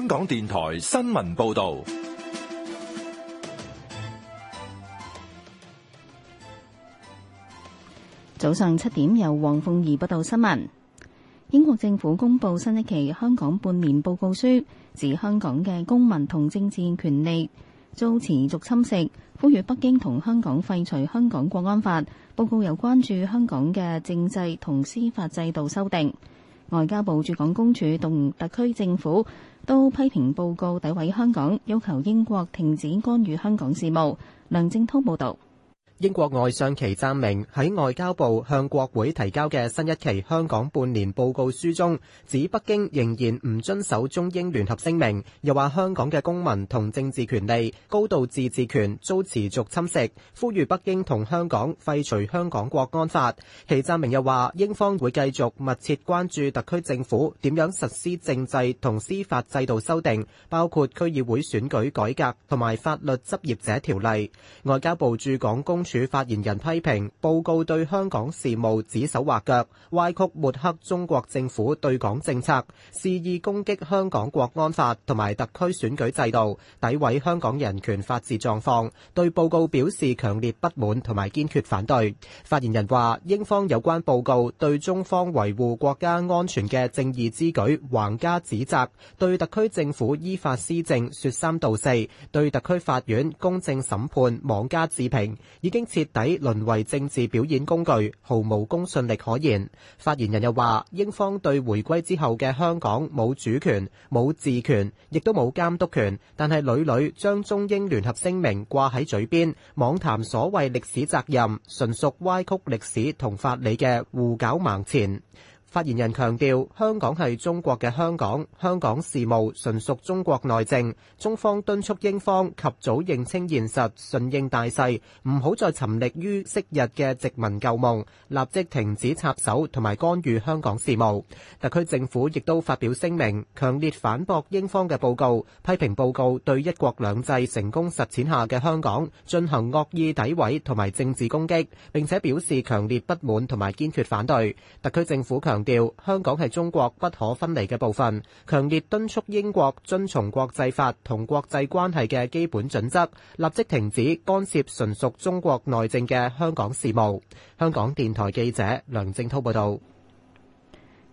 香港電台新聞報道，早上七點由黃鳳儀報道新聞。英國政府公布新一期香港半年報告書，指香港嘅公民同政治權利遭持續侵蝕，呼籲北京同香港廢除香港國安法。報告又關注香港嘅政制同司法制度修訂。外交部駐港公署同特區政府，都批評報告詆毀香港，要求英國停止干預香港事務。梁正濤報道。英國外相祁贊明喺外交部向國會提交嘅新一期香港半年報告書中，指北京仍然唔遵守中英聯合聲明，又話香港嘅公民同政治權利、高度自治權遭持續侵蝕，呼籲北京同香港廢除香港國安法。祁贊明又話，英方會繼續密切關注特區政府點樣實施政制同司法制度修訂，包括區議會選舉改革同埋法律執業者條例。外交部駐港公署發言人批評報告對香港事務指手畫腳，歪曲抹黑中國政府對港政策，肆意攻擊香港國安法同埋特區選舉制度，詆毀香港人權法治狀況。對報告表示強烈不滿同埋堅決反對。發言人話，英方有關報告對中方維護國家安全嘅正義之舉橫加指責，對特區政府依法施政說三道四，對特區法院公正審判妄加置評，已經，徹底淪為政治表演工具，毫無公信力可言。發言人又話，英方對回歸之後嘅香港冇主權、冇治權，亦都冇監督權，但係屢屢將中英聯合聲明掛喺嘴邊，妄談所謂歷史責任，純屬歪曲歷史同法理嘅胡攪蠻纏。發言人強調，香港係中國嘅香港，香港事務純屬中國內政。中方敦促英方及早認清現實，順應大勢，唔好再沉溺於昔日嘅殖民舊夢，立即停止插手同埋干預香港事務。特區政府亦都發表聲明，強烈反駁英方嘅報告，批評報告對一國兩制成功實踐下嘅香港進行惡意詆毀同埋政治攻擊，並且表示強烈不滿同埋堅決反對。特區政府強強調香港係中國不可分離嘅部分，強烈敦促英國遵從國際法同國際關係嘅基本準則，立即停止干涉純屬中國內政嘅香港事務。香港電台記者梁正濤報道。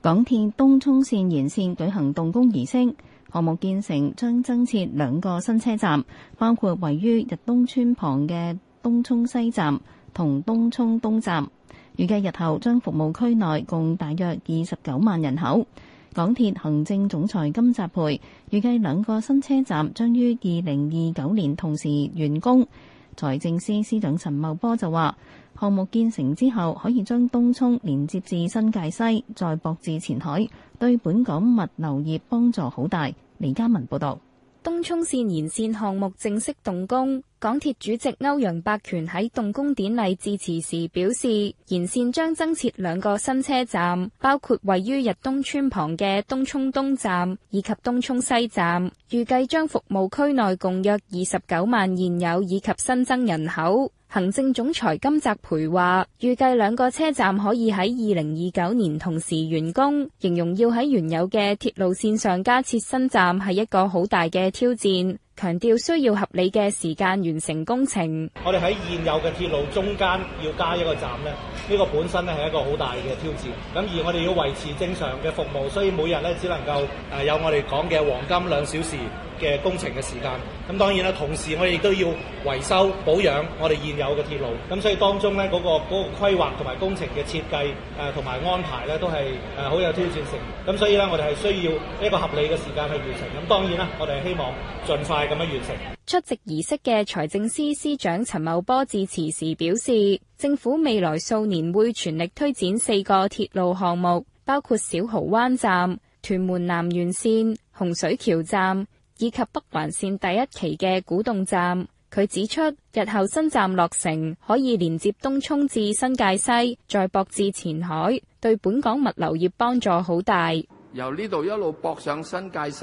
港鐵東涌綫延綫舉行動工儀式，項目建成將增設兩個新車站，包括位於日東村旁嘅東涌西站同東涌東站。預計日後將服務區內共大約二十九萬人口。港鐵行政總裁金澤培預計兩個新車站將於二零二九年同時完工。財政司司長陳茂波就話：項目建成之後，可以將東涌連接至新界西，再駁至前海，對本港物流業幫助好大。李嘉文報道。東涌綫延綫項目正式動工，港鐵主席歐陽伯權喺動工典禮致辭時表示，延綫將增設兩個新車站，包括位於日東村旁嘅東涌東站以及東涌西站，預計將服務區內共約二十九萬現有以及新增人口。行政總裁金澤培話：預計兩個車站可以喺二零二九年同時完工，形容要喺原有嘅鐵路線上加設新站係一個好大嘅挑戰，強調需要合理嘅時間完成工程。我哋喺現有嘅鐵路中間要加一個站咧，呢個本身咧係一個好大嘅挑戰，咁而我哋要維持正常嘅服務，所以每日咧只能夠誒有我哋講嘅黃金兩小時嘅工程嘅時間。咁當然啦，同時我哋亦都要維修保養我哋現有嘅鐵路。咁所以當中咧嗰個嗰個規劃同埋工程嘅設計誒同埋安排咧都係誒好有挑戰性。咁所以咧我哋係需要一個合理嘅時間去完成。咁當然啦，我哋係希望盡快咁樣完成。出席儀式嘅財政司司長陳茂波致辭時表示，政府未來數年會全力推展四個鐵路項目，包括小濠灣站、屯門南源線、洪水橋站以及北環線第一期嘅古洞站。佢指出，日後新站落成可以連接東涌至新界西，再駁至前海，對本港物流業幫助好大。由呢度一路駁上新界西，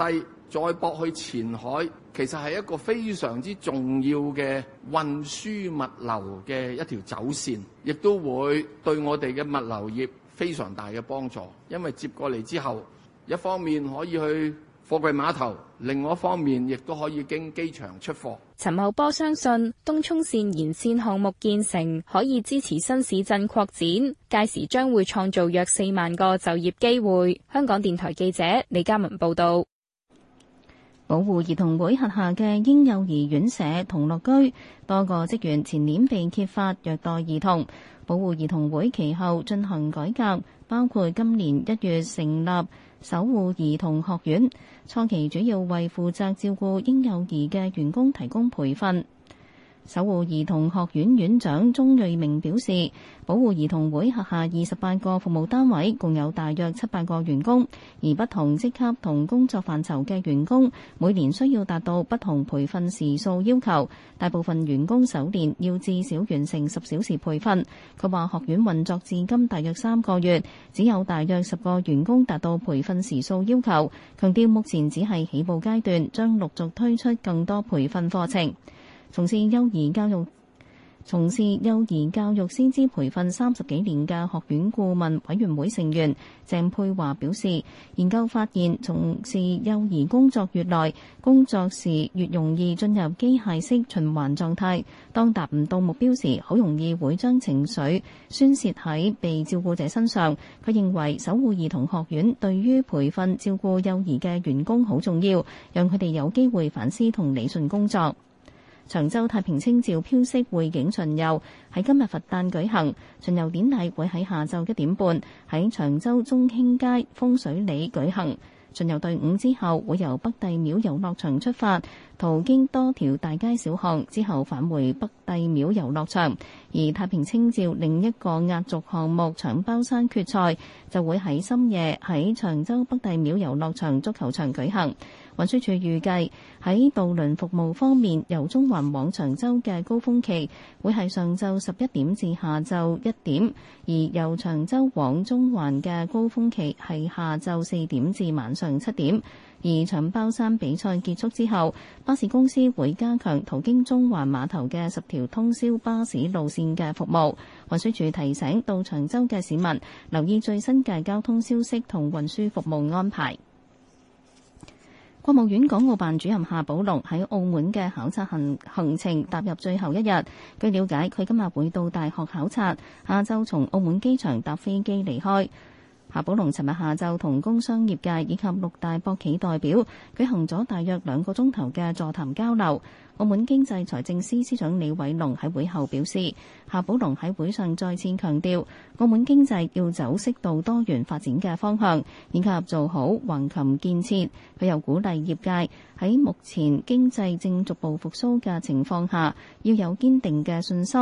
再駁去前海。其實係一個非常之重要嘅運輸物流嘅一條走線，亦都會對我哋嘅物流業非常大嘅幫助。因為接過嚟之後，一方面可以去貨櫃碼頭，另外一方面亦都可以經機場出貨。陳茂波相信東涌線延線項目建成可以支持新市鎮擴展，屆時將會創造約四萬個就業機會。香港電台記者李嘉文報道。保護兒童會轄下嘅嬰幼兒院舍同樂居多個職員前年被揭發虐待兒童，保護兒童會其後進行改革，包括今年一月成立守護兒童學院，初期主要為負責照顧嬰幼兒嘅員工提供培訓。守護兒童學院院長鍾瑞明表示，保護兒童會轄下二十八個服務單位，共有大約七八個員工，而不同職級同工作範疇嘅員工，每年需要達到不同培訓時數要求。大部分員工首年要至少完成十小時培訓。佢話學院運作至今大約三個月，只有大約十個員工達到培訓時數要求。強調目前只係起步階段，將陸續推出更多培訓課程。從事幼兒教育、從事幼兒教育師資培訓三十幾年嘅學院顧問委員會成員鄭佩華表示，研究發現，從事幼兒工作越耐，工作時越容易進入機械式循環狀態。當達唔到目標時，好容易會將情緒宣洩喺被照顧者身上。佢認為，守護兒童學院對於培訓照顧幼兒嘅員工好重要，讓佢哋有機會反思同理順工作。長洲太平清醮飄色會景巡遊喺今日佛誕舉行，巡遊典禮會喺下晝一點半喺長洲中興街風水里舉行。巡遊隊伍之後會由北帝廟遊樂場出發，途經多條大街小巷之後返回北帝廟遊樂場。而太平清醮另一個壓軸項目搶包山決賽就會喺深夜喺長洲北帝廟遊樂場足球場舉行。運輸署預計喺渡輪服務方面，由中環往長洲嘅高峰期會係上晝十一點至下晝一點，而由長洲往中環嘅高峰期係下晝四點至晚上七點。而搶包山比賽結束之後，巴士公司會加強途經中環碼頭嘅十條通宵巴士路線嘅服務。運輸署提醒到長洲嘅市民留意最新嘅交通消息同運輸服務安排。國務院港澳辦主任夏寶龍喺澳門嘅考察行行程踏入最後一日。據了解，佢今日會到大學考察，下晝從澳門機場搭飛機離開。夏寶龍尋日下晝同工商業界以及六大博企代表舉行咗大約兩個鐘頭嘅座談交流。澳門經濟財政司司長李偉龍喺會後表示，夏寶龍喺會上再次強調，澳門經濟要走適度多元發展嘅方向，以及做好橫琴建設。佢又鼓勵業界喺目前經濟正逐步復甦嘅情況下，要有堅定嘅信心，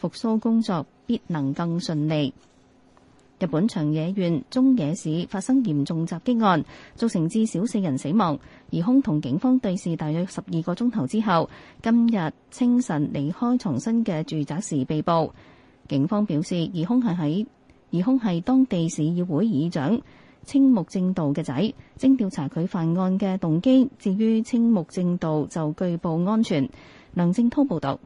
復甦工作必能更順利。日本長野縣中野市發生嚴重襲擊案，造成至少四人死亡。疑凶同警方對峙大約十二個鐘頭之後，今日清晨離開藏身嘅住宅時被捕。警方表示，疑凶係喺疑凶係當地市議會議長青木正道嘅仔，正調查佢犯案嘅動機。至於青木正道就據報安全。梁正濤報道。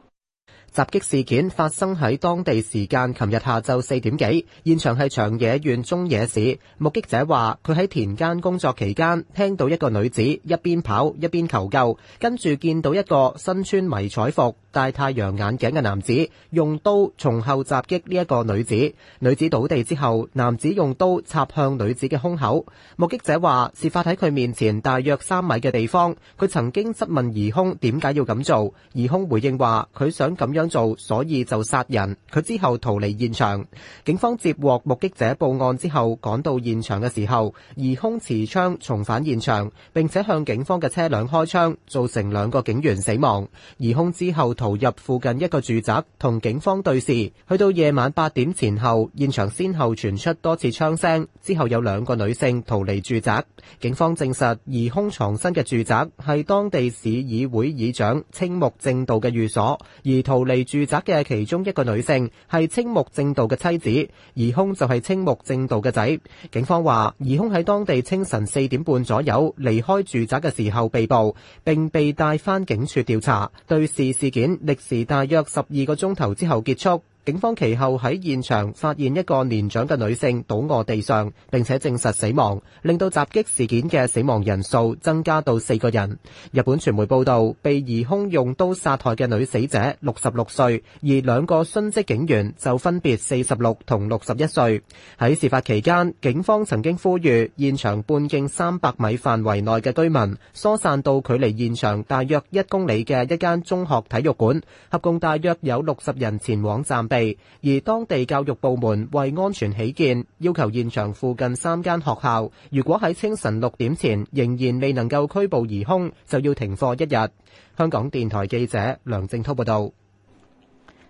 襲擊事件發生喺當地時間琴日下晝四點幾，現場係長野縣中野市。目擊者話，佢喺田間工作期間，聽到一個女子一邊跑一邊求救，跟住見到一個身穿迷彩服。戴太陽眼鏡嘅男子用刀從後襲擊呢一個女子，女子倒地之後，男子用刀插向女子嘅胸口。目擊者話：事發喺佢面前大約三米嘅地方，佢曾經質問疑凶點解要咁做，疑凶回應話佢想咁樣做，所以就殺人。佢之後逃離現場。警方接獲目擊者報案之後，趕到現場嘅時候，疑凶持槍重返現場，並且向警方嘅車輛開槍，造成兩個警員死亡。疑凶之後。逃入附近一個住宅，同警方對峙。去到夜晚八點前後，現場先後傳出多次槍聲。之後有兩個女性逃離住宅。警方證實，疑凶藏身嘅住宅係當地市議會議長青木正道嘅寓所。而逃離住宅嘅其中一個女性係青木正道嘅妻子，疑凶就係青木正道嘅仔。警方話，疑凶喺當地清晨四點半左右離開住宅嘅時候被捕，並被帶返警署調查，對峙事件歷時大約十二個鐘頭之後結束。警方其後喺現場發現一個年長嘅女性倒卧地上，並且證實死亡，令到襲擊事件嘅死亡人數增加到四個人。日本傳媒報道，被疑凶用刀殺害嘅女死者六十六歲，而兩個殉職警員就分別四十六同六十一歲。喺事發期間，警方曾經呼籲現場半徑三百米範圍內嘅居民疏散到距離現場大約一公里嘅一間中學體育館，合共大約有六十人前往站。備而當地教育部門為安全起見，要求現場附近三間學校，如果喺清晨六點前仍然未能夠拘捕疑凶，就要停課一日。香港電台記者梁正濤報道。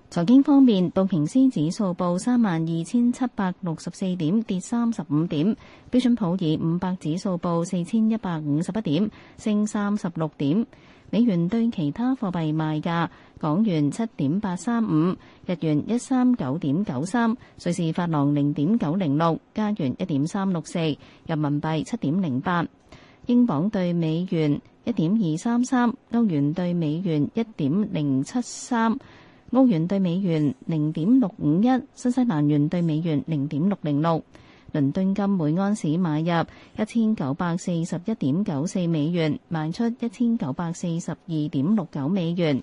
財經方面，道瓊斯指數報三萬二千七百六十四點，跌三十五點；標準普爾五百指數報四千一百五十一點，升三十六點。美元對其他貨幣賣價，港元七點八三五，日元一三九點九三，瑞士法郎零點九零六，加元一點三六四，人民幣七點零八，英鎊對美元一點二三三，歐元對美元一點零七三，澳元對美元零點六五一，新西蘭元對美元零點六零六。倫敦金每安士買入一千九百四十一點九四美元，賣出一千九百四十二點六九美元。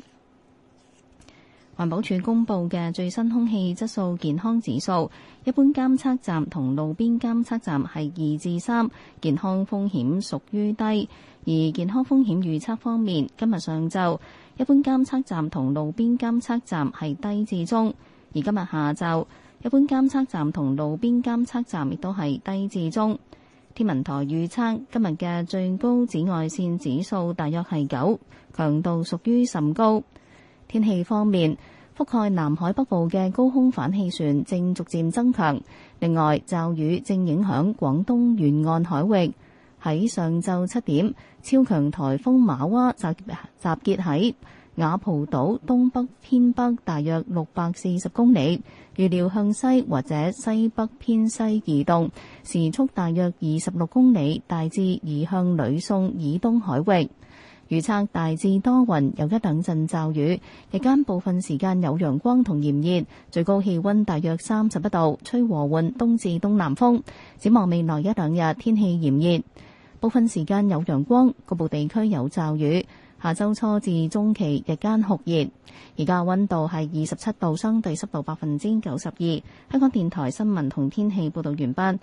環保署公布嘅最新空氣質素健康指數，一般監測站同路邊監測站係二至三，健康風險屬於低。而健康風險預測方面，今日上晝，一般監測站同路邊監測站係低至中，而今日下晝，一般監測站同路邊監測站亦都係低至中。天文台預測今日嘅最高紫外線指數大約係九，強度屬於甚高。天氣方面，覆蓋南海北部嘅高空反氣旋正逐漸增強，另外驟雨正影響廣東沿岸海域。喺上晝七點，超強颱風瑪娃集集結喺雅浦島東北偏北大約六百四十公里，預料向西或者西北偏西移動，時速大約二十六公里，大致移向呂宋以東海域。預測大致多雲，有一等陣驟雨，日間部分時間有陽光同炎熱，最高氣温大約三十一度，吹和緩東至東南風。展望未來一兩日天氣炎熱，部分時間有陽光，局部地區有驟雨。下周初至中期日間酷熱，而家溫度係二十七度，相對濕度百分之九十二。香港電台新聞同天氣報道完畢。